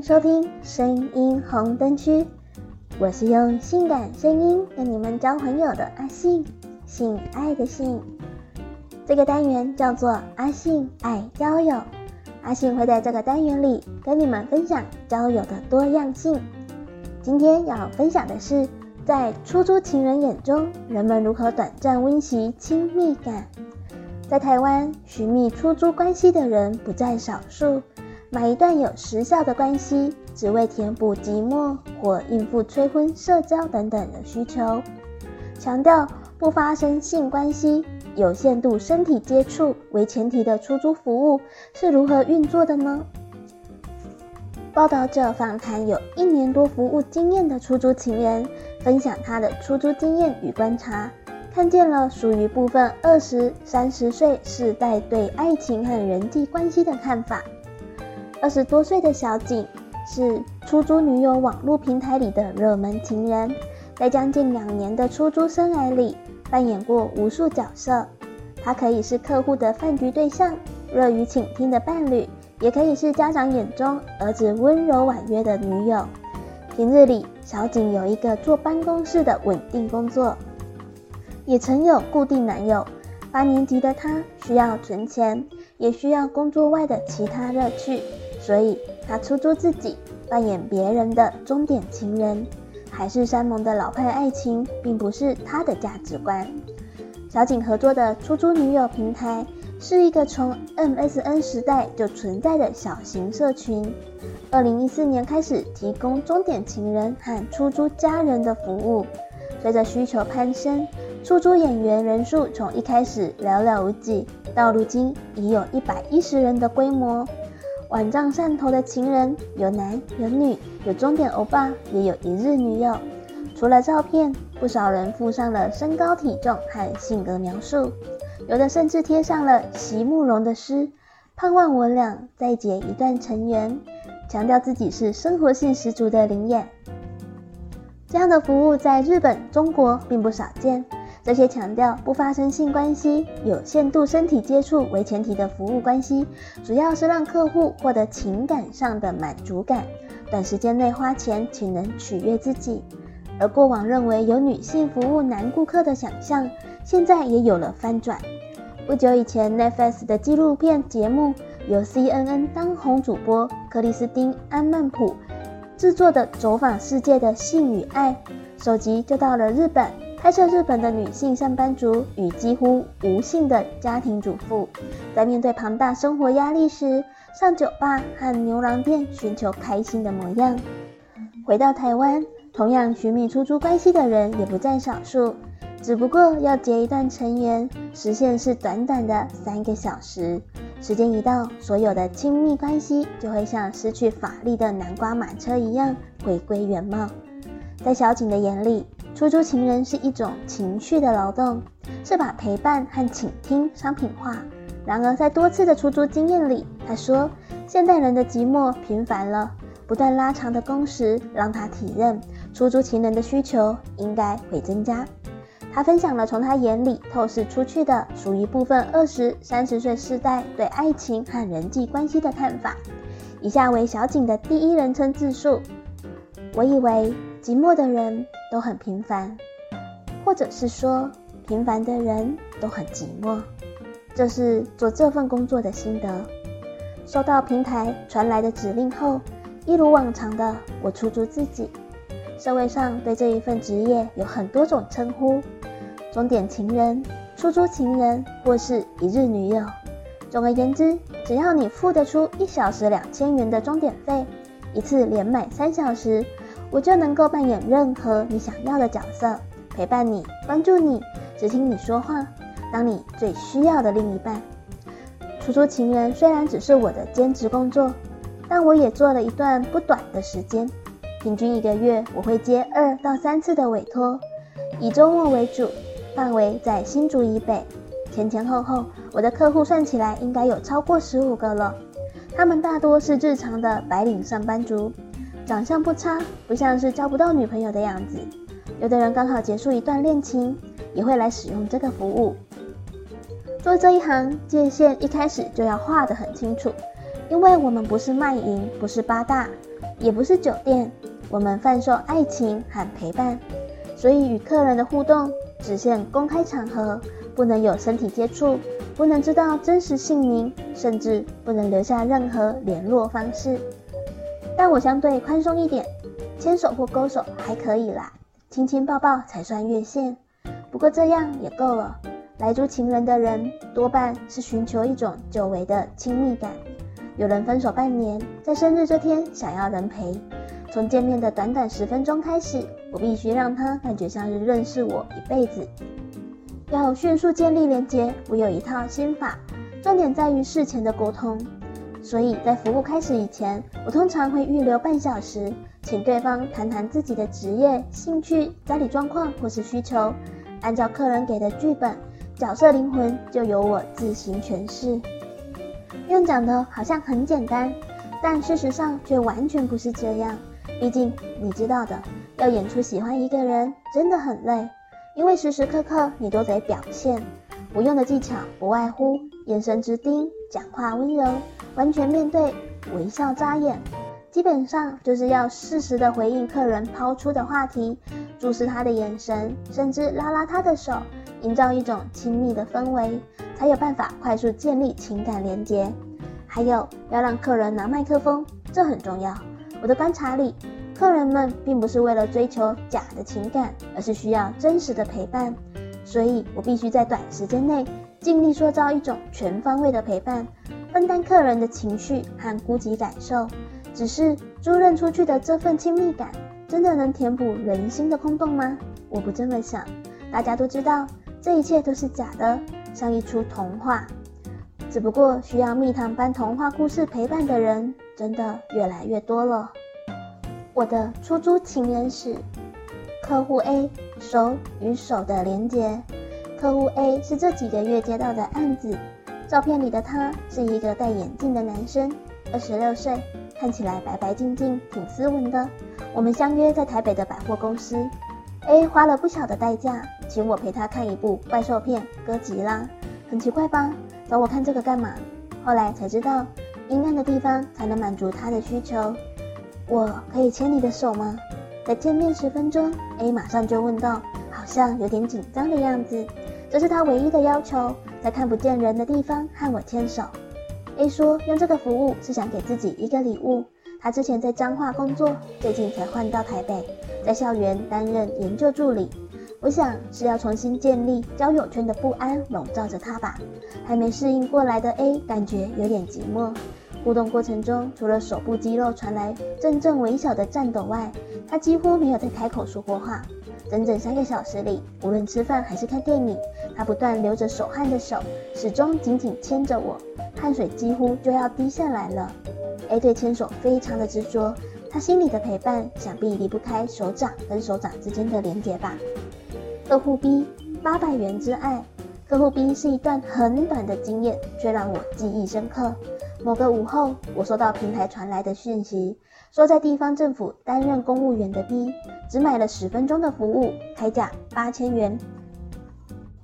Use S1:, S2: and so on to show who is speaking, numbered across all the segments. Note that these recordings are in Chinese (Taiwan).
S1: 收聽聲音紅燈區，我是用性感聲音跟你們交朋友的阿性，性愛的性。這個單元叫做阿性愛交友，阿性會在這個單元裡跟你們分享交友的多樣性。今天要分享的是，在出租情人眼中，人們如何短暫溫習親密感。在台灣，尋覓出租關係的人不在少數。買一段有時效的關係，只為填補寂寞或應付催婚、社交等等的需求。強調不發生性關係、有限度身體接觸為前提的出租服務是如何運作的呢？報道者訪談有一年多服務經驗的出租情人，分享他的出租經驗與觀察，看見了屬於部分二十、三十歲世代對愛情和人際關係的看法。二十多歲的小景是出租女友網絡平台裡的熱門情人，在將近兩年的出租生涯裡，扮演過無數角色。她可以是客戶的飯局對象，樂於傾聽的伴侶，也可以是家長眼中兒子溫柔婉約的女友。平日裡，小景有一個坐辦公室的穩定工作，也曾有固定男友。八年級的她需要存錢，也需要工作外的其他樂趣。所以，他出租自己，扮演別人的鐘點情人，海誓山盟的老派愛情，並不是他的價值觀。小景合作的出租女友平台是一個從 MSN 時代就存在的小型社群，二零一四年開始提供鐘點情人和出租家人的服務。隨着需求攀升，出租演員人數從一開始寥寥無幾，到如今已有一百一十人的規模。網站上頭的情人有男有女，有中年歐巴，也有一日女友。除了照片，不少人附上了身高體重和性格描述，有的甚至貼上了席慕蓉的詩，盼望我倆再結一段塵緣，強調自己是生活性十足的靈眼。這樣的服務在日本、中國並不少見。這些強調不發生性關係、有限度身體接觸為前提的服務關係，主要是讓客戶獲得情感上的滿足感，短時間內花錢只能取悅自己。而過往認為有女性服務男顧客的想象，現在也有了翻轉。不久以前 Netflix 的紀錄片節目由 CNN 當紅主播克里斯汀·安曼普製作的《走訪世界的性與愛》，首集就到了日本。拍攝日本的女性上班族與幾乎無性的家庭主婦，在面對龐大生活壓力時，上酒吧和牛郎店尋求開心的模樣。回到台灣，同樣尋覓出租關係的人也不在少數，只不過要結一段塵緣，時限是短短的三個小時。時間一到，所有的親密關係就會像失去法力的南瓜馬車一樣回歸原貌。在小景的眼裡，出租情人是一種情緒的勞動，是把陪伴和傾聽商品化。然而，在多次的出租經驗裡，他說現代人的寂寞頻繁了，不斷拉長的工時讓他體認出租情人的需求應該會增加。他分享了從他眼裡透視出去的，屬於部分二十、三十歲世代對愛情和人際關係的看法。以下為小景的第一人稱自述：我以為寂寞的人。都很平凡，或者是說，平凡的人都很寂寞。這是做這份工作的心得。收到平台傳來的指令後，一如往常的我出租自己。社會上對這一份職業有很多種稱呼：鐘點情人、出租情人，或是一日女友。總而言之，只要你付得出一小時兩千元的鐘點費，一次連買三小時，我就能夠扮演任何你想要的角色，陪伴你，關注你，只聽你說話，當你最需要的另一半。出租情人雖然只是我的兼職工作，但我也做了一段不短的時間，平均一個月我會接二到三次的委託，以周末為主，範圍在新竹以北，前前後後我的客戶算起來應該有超過十五個了，他們大多是日常的白領上班族。長相不差，不像是交不到女朋友的樣子。有的人剛好結束一段戀情，也會來使用這個服務。做這一行，界限一開始就要畫得很清楚，因為我們不是賣淫，不是八大，也不是酒店，我們販售愛情和陪伴，所以與客人的互動只限公開場合，不能有身體接觸，不能知道真實姓名，甚至不能留下任何聯絡方式。但我相對寬鬆一點，牽手或勾手還可以啦，親親抱抱才算越線。不過這樣也夠了。來租情人的人，多半是尋求一種久違的親密感。有人分手半年，在生日這天想要人陪。從見面的短短十分鐘開始，我必須讓他感覺像是認識我一輩子。要迅速建立連接，我有一套心法，重點在於事前的溝通。所以在服務開始以前，我通常會預留半小時，請對方談談自己的職業、興趣、家裡狀況或是需求。按照客人給的劇本，角色靈魂就由我自行詮釋。用講的好像很簡單，但事實上卻完全不是這樣。畢竟你知道的，要演出喜歡一個人真的很累，因為時時刻刻你都得表現。不用的技巧不外乎眼神直盯，講話溫柔，完全面對，微笑眨眼，基本上就是要適時的回應客人拋出的話題，注視他的眼神，甚至拉拉他的手，營造一種親密的氛圍，才有辦法快速建立情感連結。還有要讓客人拿麥克風，這很重要。我的觀察裡，客人們並不是為了追求假的情感，而是需要真實的陪伴，所以我必須在短時間內。盡力塑造一種全方位的陪伴，分擔客人的情緒和孤寂感受。只是租賃出去的這份親密感，真的能填補人心的空洞嗎？我不這麼想。大家都知道，這一切都是假的，像一出童話。只不過需要蜜糖般童話故事陪伴的人，真的越來越多了。我的出租情人史，客戶 A 手與手的連接。客戶 A 是這幾個月接到的案子，照片裡的他是一個戴眼鏡的男生，二十六歲，看起來白白淨淨，挺斯文的。我們相約在台北的百貨公司，A 花了不小的代價，請我陪他看一部怪獸片《哥吉拉》，很奇怪吧？找我看這個幹嘛？後來才知道，陰暗的地方才能滿足他的需求。我可以牽你的手嗎？在見面十分鐘，A 馬上就問道，好像有點緊張的樣子。這是他唯一的要求，在看不見人的地方和我牽手。A 說用這個服務是想給自己一個禮物。他之前在彰化工作，最近才換到台北，在校園擔任研究助理。我想是要重新建立交友圈的不安籠罩着他吧。還沒適應過來的 A 感覺有點寂寞。互動過程中，除了手部肌肉傳來陣陣微小的顫抖外，他幾乎沒有再開口說過話。整整三個小時裡，無論吃飯還是看電影，他不斷流着手汗的手始終緊緊牽着我，汗水幾乎就要滴下來了。A 對牽手非常的執着，他心裡的陪伴想必離不開手掌跟手掌之間的連接吧。客戶 B 八百元之愛。客戶 B 是一段很短的經驗，卻讓我記憶深刻。某個午後，我收到平台傳來的訊息，說在地方政府擔任公務員的 B 只買了十分鐘的服務，開價八千元，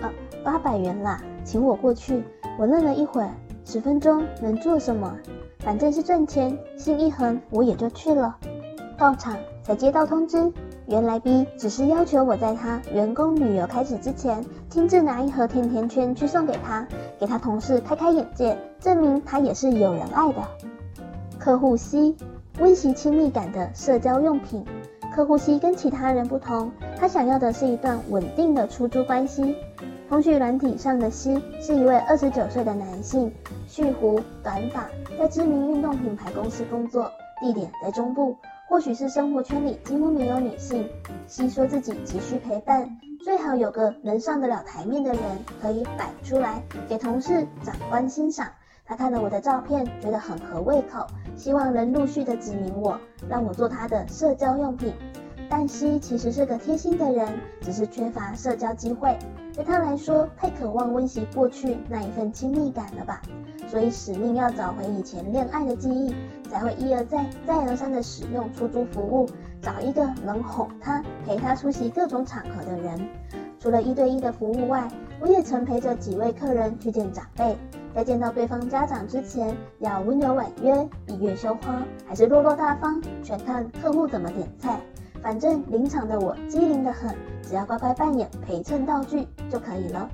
S1: 呃、啊，八百元啦，請我過去。我愣了一會兒，十分鐘能做什麼？反正是賺錢，心一橫，我也就去了。到場才接到通知。原來 B 只是要求我在他員工旅遊開始之前，親自拿一盒甜甜圈去送給他，給他同事開開眼界，證明他也是有人愛的。客戶 C，溫習親密感的社交用品。客戶 C 跟其他人不同，他想要的是一段穩定的出租關係。通訊軟體上的 C 是一位二十九歲的男性，蓄鬍，短髮，在知名運動品牌公司工作，地點在中部。或許是生活圈裡幾乎沒有女性，希說自己急需陪伴，最好有個能上得了台面的人可以擺出來給同事、長官欣賞。他看了我的照片，覺得很合胃口，希望能陸續的指名我，讓我做他的社交用品。但希其實是個貼心的人，只是缺乏社交機會，對他來說太渴望溫習過去那一份親密感了吧，所以使命要找回以前戀愛的記憶，才會一而再、再而三地使用出租服務，找一個能哄他、陪他出席各種場合的人。除了一對一的服務外，我也曾陪着幾位客人去見長輩。在見到對方家長之前，要溫柔婉約、閉月羞花，還是落落大方，全看客戶怎麼點菜。反正臨場的我機靈得很，只要乖乖扮演陪襯道具就可以了。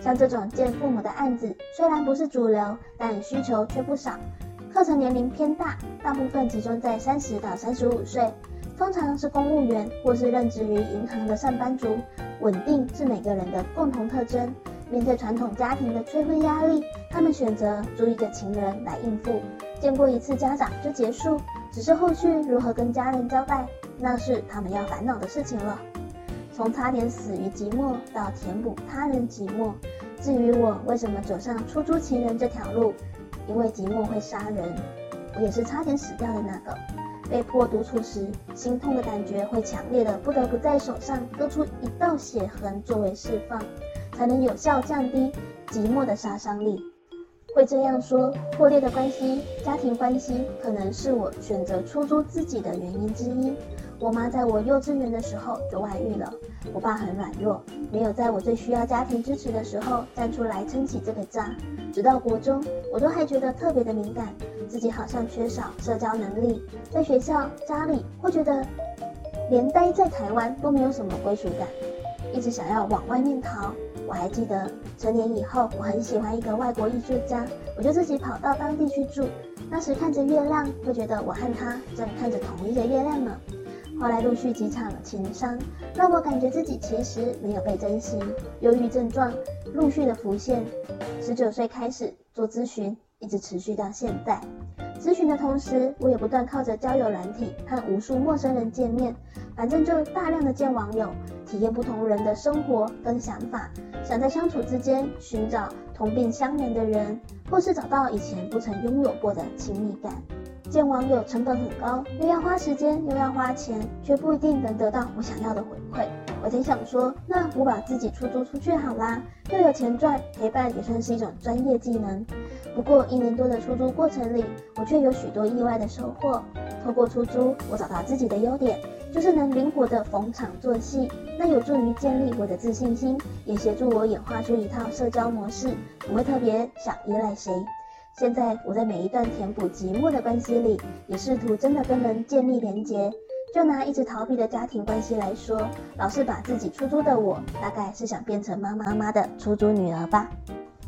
S1: 像這種見父母的案子，雖然不是主流，但需求卻不少。客層年齡偏大，大部分集中在三十到三十五歲，通常是公務員或是任職於銀行的上班族，穩定是每個人的共同特徵。面對傳統家庭的催婚壓力，他們選擇租一個情人來應付，見過一次家長就結束，只是後續如何跟家人交代，那是他們要煩惱的事情了。從差點死於寂寞到填補他人寂寞，至於我為什麼走上出租情人這條路。因為寂寞會殺人，我也是差點死掉的那個。被迫獨處時，心痛的感覺會強烈得，不得不在手上割出一道血痕作為釋放，才能有效降低寂寞的殺傷力。會這樣說，破裂的關係、家庭關係，可能是我選擇出租自己的原因之一。我媽在我幼稚園的時候就外遇了。我爸很軟弱，沒有在我最需要家庭支持的時候站出來撐起這個家。直到國中，我都還覺得特別的敏感，自己好像缺少社交能力，在學校、家裡，會覺得連待在台灣都沒有什麼歸屬感，一直想要往外面逃。我還記得成年以後，我很喜歡一個外國藝術家，我就自己跑到當地去住。那時看着月亮，會覺得我和他正看着同一個月亮呢。後來陸續幾場情傷，讓我感覺自己其實沒有被珍惜，憂鬱症狀陸續的浮現。十九歲開始做諮詢，一直持續到現在。諮詢的同時，我也不斷靠着交友軟體和無數陌生人見面，反正就大量的見網友，體驗不同人的生活跟想法，想在相處之間尋找同病相憐的人，或是找到以前不曾擁有過的親密感。見網友成本很高，又要花時間，又要花錢，卻不一定能得到我想要的回饋。我曾想說，那我把自己出租出去好啦，又有錢賺，陪伴也算是一種專業技能。不過一年多的出租過程裡，我卻有許多意外的收穫。透過出租，我找到自己的優點，就是能靈活的逢場作戲，那有助於建立我的自信心，也協助我演化出一套社交模式，不會特別想依賴誰。現在我在每一段填補寂寞的關係裡，也試圖真的跟人建立連結。就拿一直逃避的家庭關係來說，老是把自己出租的我，大概是想變成媽媽媽媽的出租女兒吧。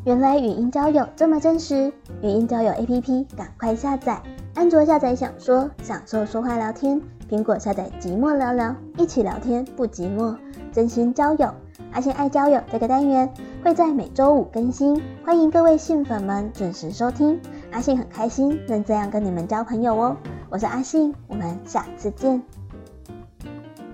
S1: 原來語音交友這麼真實，語音交友 APP 趕快下載，安卓下載享說，享受說話聊天；蘋果下載寂寞聊聊，一起聊天不寂寞，真心交友。阿性愛交友這個單元會在每週五更新，歡迎各位性粉們準時收聽。阿性很開心能這樣跟你們交朋友哦。我是阿性，我們下次見。